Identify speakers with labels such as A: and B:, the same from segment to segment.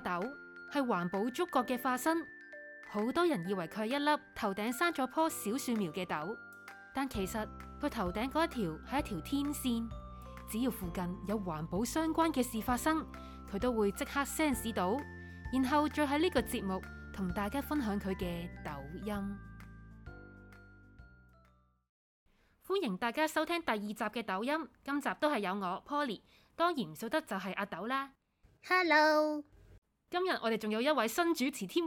A: 豆係環保觸角嘅化身，好多人以為佢係一粒頭頂生咗棵小樹苗嘅豆，但其實佢頭頂嗰一條係一條天線。只要附近有環保相關嘅事發生，佢都會即刻 sense 到，然後再喺呢個節目同大家分享佢嘅抖音。歡迎大家收聽第二集嘅抖音，今集都係有我 Polly，當然唔少得就係阿豆啦。Hello。今日我哋仲有一位新主持添，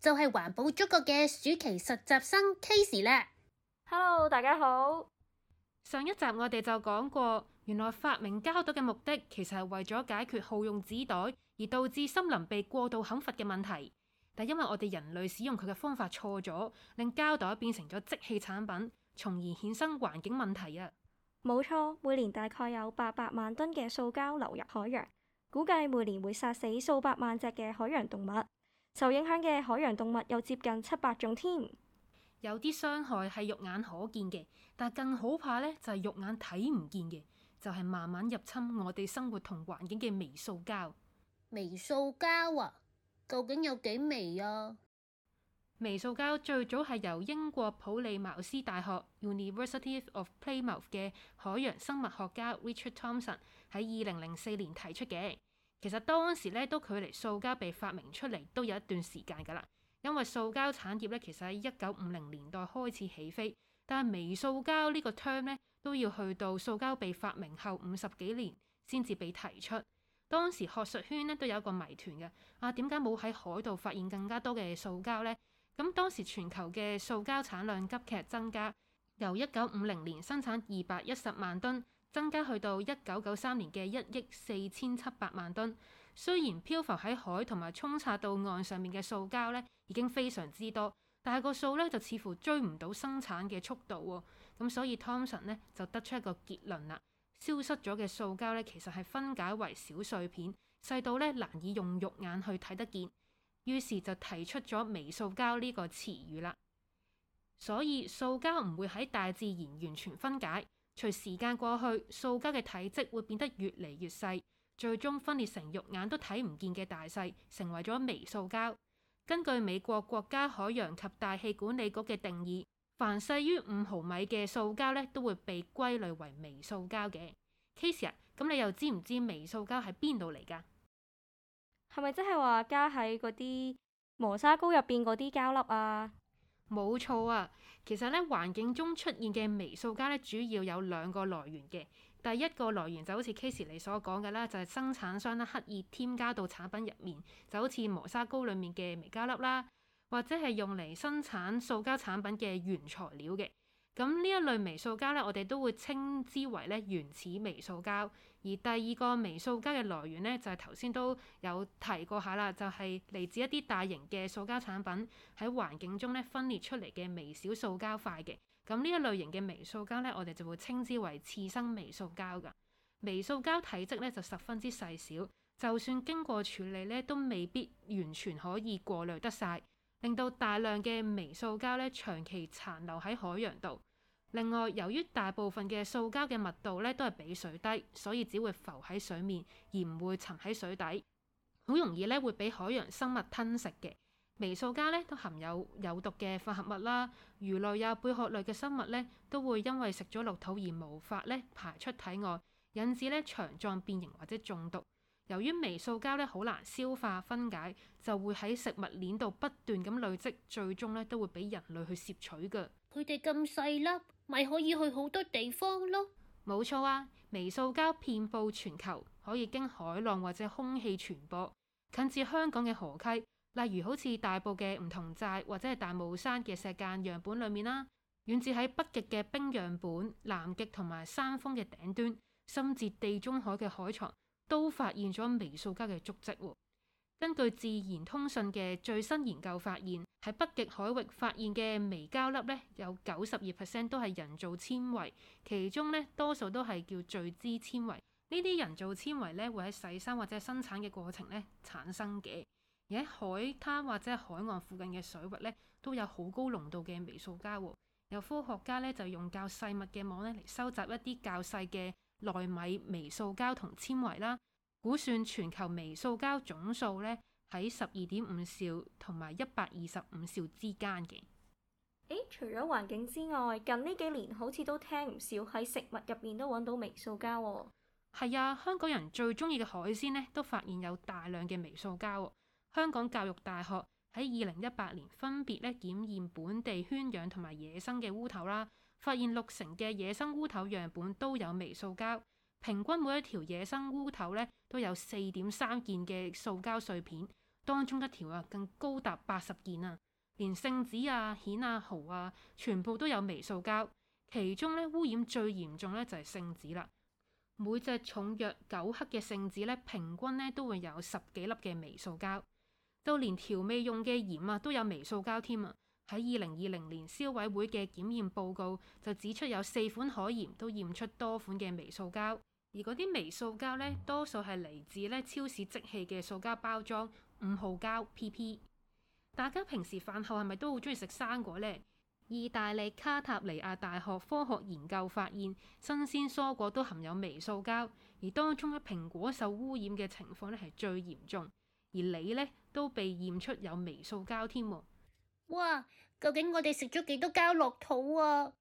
A: 就係環保中個嘅暑期實習生 K 時啦。Hello，大家好。上一集我哋就講過，原來發明膠袋嘅目的其實係為咗解決耗用紙袋而導致森林被過度砍伐嘅問題，但因為我哋人類使用佢嘅方法錯咗，令膠袋變成咗積氣產品，從而衍生
B: 環境問題啊。冇錯，每年大概有八百萬噸嘅塑膠流入海洋。估計每年會殺死數百萬隻嘅海洋動物，受影響嘅海洋動物有接近七百種添。
A: 有啲傷害係肉眼可見嘅，但更可怕呢就係肉眼睇唔見嘅，就係、是、慢慢入侵我哋生活同環境嘅微塑膠。微塑膠啊，究竟有幾微啊？微塑膠最早係由英國普利茅斯大學 （University of Plymouth） 嘅海洋生物學家 Richard Thompson，喺二零零四年提出嘅，其實當時咧都距離塑膠被發明出嚟都有一段時間㗎啦。因為塑膠產業咧其實喺一九五零年代開始起飛，但係微塑膠呢個 term 咧都要去到塑膠被發明後五十幾年先至被提出。當時學術圈咧都有一個謎團嘅，啊，點解冇喺海度發現更加多嘅塑膠呢？咁當時全球嘅塑膠產量急劇增加，由一九五零年生產二百一十萬噸。增加去到一九九三年嘅一億四千七百萬噸，雖然漂浮喺海同埋沖刷到岸上面嘅塑膠咧已經非常之多，但係個數咧就似乎追唔到生產嘅速度喎。咁所以湯臣呢就得出一個結論啦：消失咗嘅塑膠咧其實係分解為小碎片，細到咧難以用肉眼去睇得見。於是就提出咗微塑膠呢個詞語啦。所以塑膠唔會喺大自然完全分解。隨時間過去，塑膠嘅體積會變得越嚟越細，最終分裂成肉眼都睇唔見嘅大細，成為咗微塑膠。根據美國國家海洋及大氣管理局嘅定義，凡細於五毫米嘅塑膠咧，都會被歸類為微塑膠嘅。Kia，咁、啊、你又知唔知微塑膠喺邊度嚟噶？係咪即係話加喺嗰啲磨砂膏入邊嗰啲膠粒啊？冇錯啊，其實咧環境中出現嘅微塑膠咧，主要有兩個來源嘅。第一個來源就好似 Case 你所講嘅啦，就係生產商咧刻意添加到產品入面，就好似磨砂膏裡面嘅微膠粒啦，或者係用嚟生產塑膠產品嘅原材料嘅。咁呢一類微塑膠咧，我哋都會稱之為咧原始微塑膠。而第二個微塑膠嘅來源咧，就係頭先都有提過下啦，就係嚟自一啲大型嘅塑膠產品喺環境中咧分裂出嚟嘅微小塑膠塊嘅。咁呢一類型嘅微塑膠咧，我哋就會稱之為次生微塑膠㗎。微塑膠體積咧就十分之細小，就算經過處理咧，都未必完全可以過濾得晒。令到大量嘅微塑膠咧長期殘留喺海洋度。另外，由於大部分嘅塑膠嘅密度咧都係比水低，所以只會浮喺水面而唔會沉喺水底，好容易咧會畀海洋生物吞食嘅微塑膠咧都含有有毒嘅化合物啦。魚類啊、貝殼類嘅生物咧都會因為食咗落肚而無法咧排出體外，引致咧腸臟變形或者中毒。由於微塑膠咧好難消化分解，就會喺食物鏈度不斷咁累積，最終咧都會俾人類去攝取嘅。佢哋咁細粒，咪可以去好多地方咯。冇錯啊，微塑膠遍佈全球，可以經海浪或者空氣傳播。近至香港嘅河溪，例如好似大埔嘅梧桐寨或者係大帽山嘅石間樣本裏面啦，遠至喺北極嘅冰樣本、南極同埋山峰嘅頂端，深至地中海嘅海床。都發現咗微塑膠嘅足跡喎、哦。根據自然通訊嘅最新研究發現，喺北極海域發現嘅微膠粒咧，有九十二 percent 都係人造纖維，其中咧多數都係叫聚酯纖維。呢啲人造纖維咧會喺洗衫或者生產嘅過程咧產生嘅。而喺海灘或者海岸附近嘅水域咧，都有好高濃度嘅微塑膠喎。有科學家咧就用較細密嘅網咧嚟收集一啲較細嘅。奈米微塑膠同纖維啦，估算全球微塑膠總數咧喺十二點五兆同埋一百二十五兆之間嘅。
B: 誒，除咗環境之外，近呢幾年好似都聽唔少喺食物入面都揾到微塑膠喎。係啊，
A: 香港人最鍾意嘅海鮮咧，都發現有大量嘅微塑膠。香港教育大學喺二零一八年分別咧檢驗本地圈養同埋野生嘅烏頭啦。發現六成嘅野生烏頭樣本都有微塑膠，平均每一條野生烏頭咧都有四點三件嘅塑膠碎片，當中一條啊更高達八十件啊！連聖子啊、蜆啊、蠔啊，全部都有微塑膠，其中咧污染最嚴重咧就係聖子啦。每隻重約九克嘅聖子咧，平均咧都會有十幾粒嘅微塑膠，就連調味用嘅鹽啊都有微塑膠添啊！喺二零二零年消委會嘅檢驗報告就指出有四款海鹽都驗出多款嘅微塑膠，而嗰啲微塑膠呢，多數係嚟自呢超市即棄嘅塑膠包裝五號膠 PP。大家平時飯後係咪都好鍾意食生果呢？意大利卡塔尼亞大學科學研究發現新鮮蔬果都含有微塑膠，而當中嘅蘋果受污染嘅情況呢係最嚴重，而梨呢都被驗出有微塑膠添。哇！究竟我哋食咗幾多膠落肚啊？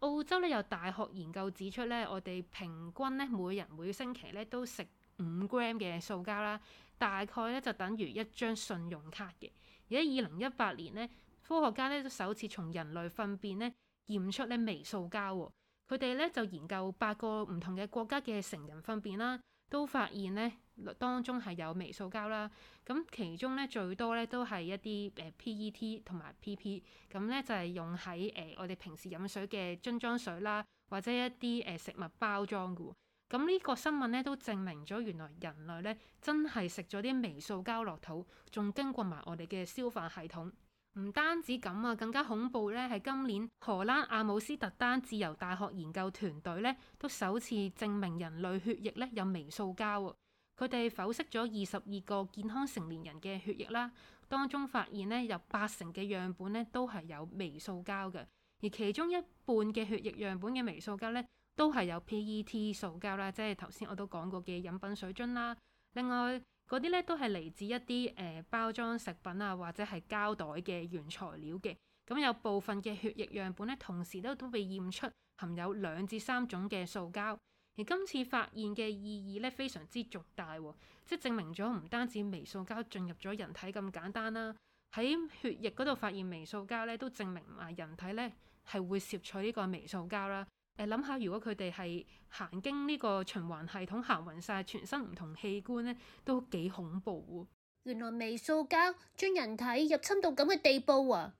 A: 澳洲咧有大學研究指出咧，我哋平均咧每人每星期咧都食五 gram 嘅塑膠啦，大概咧就等於一張信用卡嘅。而喺二零一八年咧，科學家咧都首次從人類糞便咧驗出咧微塑膠，佢哋咧就研究八個唔同嘅國家嘅成人糞便啦，都發現咧。當中係有微塑膠啦，咁其中咧最多咧都係一啲誒 PET 同埋 PP，咁咧就係用喺誒我哋平時飲水嘅樽裝水啦，或者一啲誒食物包裝嘅喎。咁呢個新聞咧都證明咗原來人類咧真係食咗啲微塑膠落肚，仲經過埋我哋嘅消化系統。唔單止咁啊，更加恐怖咧係今年荷蘭阿姆斯特丹自由大學研究團隊咧都首次證明人類血液咧有微塑膠喎。佢哋否識剖析咗二十二個健康成年人嘅血液啦，當中發現咧有八成嘅樣本咧都係有微塑膠嘅，而其中一半嘅血液樣本嘅微塑膠咧都係有 PET 塑膠啦，即係頭先我都講過嘅飲品水樽啦。另外嗰啲咧都係嚟自一啲誒、呃、包裝食品啊，或者係膠袋嘅原材料嘅。咁有部分嘅血液樣本咧同時都都被驗出含有兩至三種嘅塑膠。今次發現嘅意義咧，非常之重大，哦，即係證明咗唔單止微塑膠進入咗人體咁簡單啦。喺血液嗰度發現微塑膠咧，都證明埋人體咧係會攝取呢個微塑膠啦。誒，諗下如果佢哋係行經呢個循環系統，行勻晒全身唔同器官咧，都幾恐怖喎。原來微塑膠將人體入侵
B: 到咁嘅地步啊！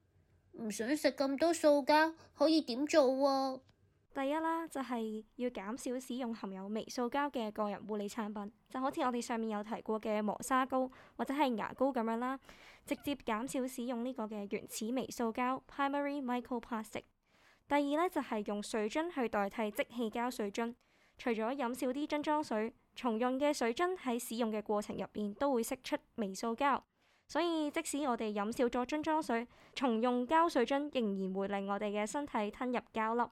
B: 唔想食咁多塑膠，可以點做啊？第一啦，就係要減少使用含有微塑膠嘅個人護理產品，就好似我哋上面有提過嘅磨砂膏或者係牙膏咁樣啦。直接減少使用呢個嘅原始微塑膠 （primary micro plastic）。第二呢，就係用水樽去代替即棄膠水樽。除咗飲少啲樽裝水，重用嘅水樽喺使用嘅過程入邊都會釋出微塑膠，所以即使我哋飲少咗樽裝水，重用膠水樽仍然會令我哋嘅身體吞入膠粒。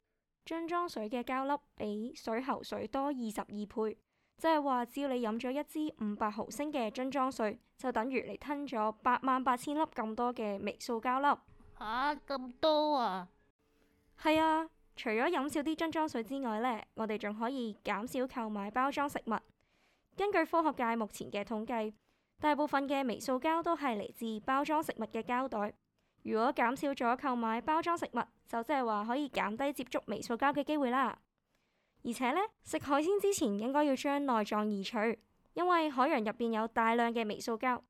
B: 樽裝水嘅膠粒比水喉水多二十二倍，即係話只要你飲咗一支五百毫升嘅樽裝水，就等於你吞咗八萬八千粒咁多嘅微塑膠粒。吓，咁多啊？係啊，除咗飲少啲樽裝水之外呢，我哋仲可以減少購買包裝食物。根據科學界目前嘅統計，大部分嘅微塑膠都係嚟自包裝食物嘅膠袋。如果減少咗購買包裝食物，就即係話可以減低接觸微塑膠嘅機會啦。而且呢，食海鮮之前應該要將內臟移除，因為海洋入邊有大量嘅微塑膠，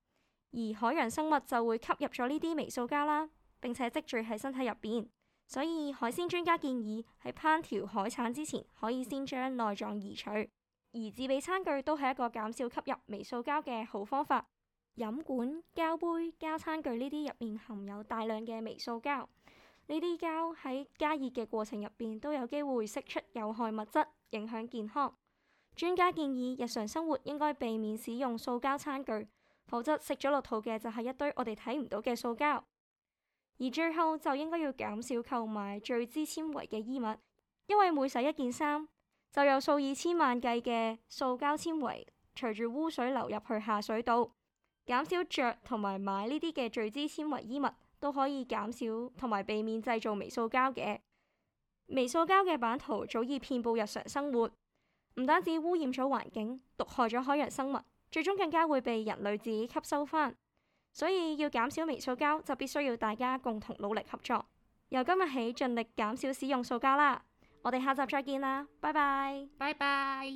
B: 而海洋生物就會吸入咗呢啲微塑膠啦，並且積聚喺身體入邊。所以海鮮專家建議喺烹調海產之前，可以先將內臟移除。而自備餐具都係一個減少吸入微塑膠嘅好方法。飲管、膠杯、膠餐具呢啲入面含有大量嘅微塑膠。呢啲膠喺加熱嘅過程入邊都有機會釋出有害物質，影響健康。專家建議日常生活應該避免使用塑膠餐具，否則食咗落肚嘅就係一堆我哋睇唔到嘅塑膠。而最後就應該要減少購買聚酯纖維嘅衣物，因為每洗一件衫就有數以千萬計嘅塑膠纖維隨住污水流入去下水道。減少着同埋買呢啲嘅聚酯纖維衣物。都可以減少同埋避免製造微塑膠嘅。微塑膠嘅版圖早已遍佈日常生活，唔單止污染咗環境，毒害咗海洋生物，最終更加會被人類自己吸收返。所以要減少微塑膠，就必須要大家共同努力合作。由今日起盡力減少使用塑膠啦！我哋下集再見啦，拜拜，拜拜。